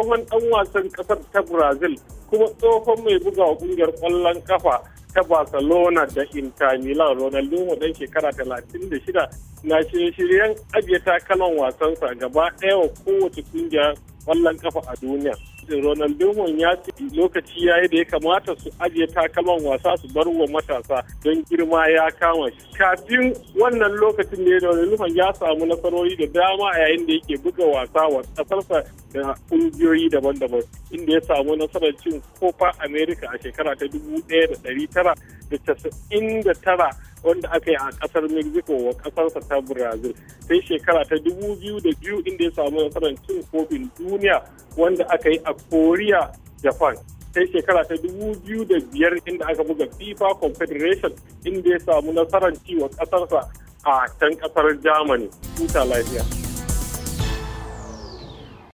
tsohon dan wasan kasar ta brazil kuma tsohon mai buga wa kungiyar kwallon kafa ta barcelona da inter milan ronaldinho dan shekara 36 na shirye-shiryen ajiye takalan wasansa gaba ɗaya wa kowace kungiyar kwallon kafa a duniya din Ronan ya ce lokaci ya yi da ya kamata su ajiye takalman wasa su bar wa matasa don girma ya kama shi. Kafin wannan lokacin ya Ronan Birhun ya samu nasarori da dama a yayin da yake buga wasa wa kasarsa da ƙungiyoyi daban-daban inda ya samu nasarar cin kofa amerika a shekara ta dubu ɗaya da ɗari tara da casa'in da tara wanda aka yi a kasar mexico wa kasarsa ta brazil sai shekara ta dubu biyu da biyu inda ya samu nasarar cin kofin duniya wanda aka yi a korea japan sai shekara ta dubu biyu da biyar inda aka buga fifa confederation inda ya samu nasarar ci wa kasarsa a can kasar germany huta lafiya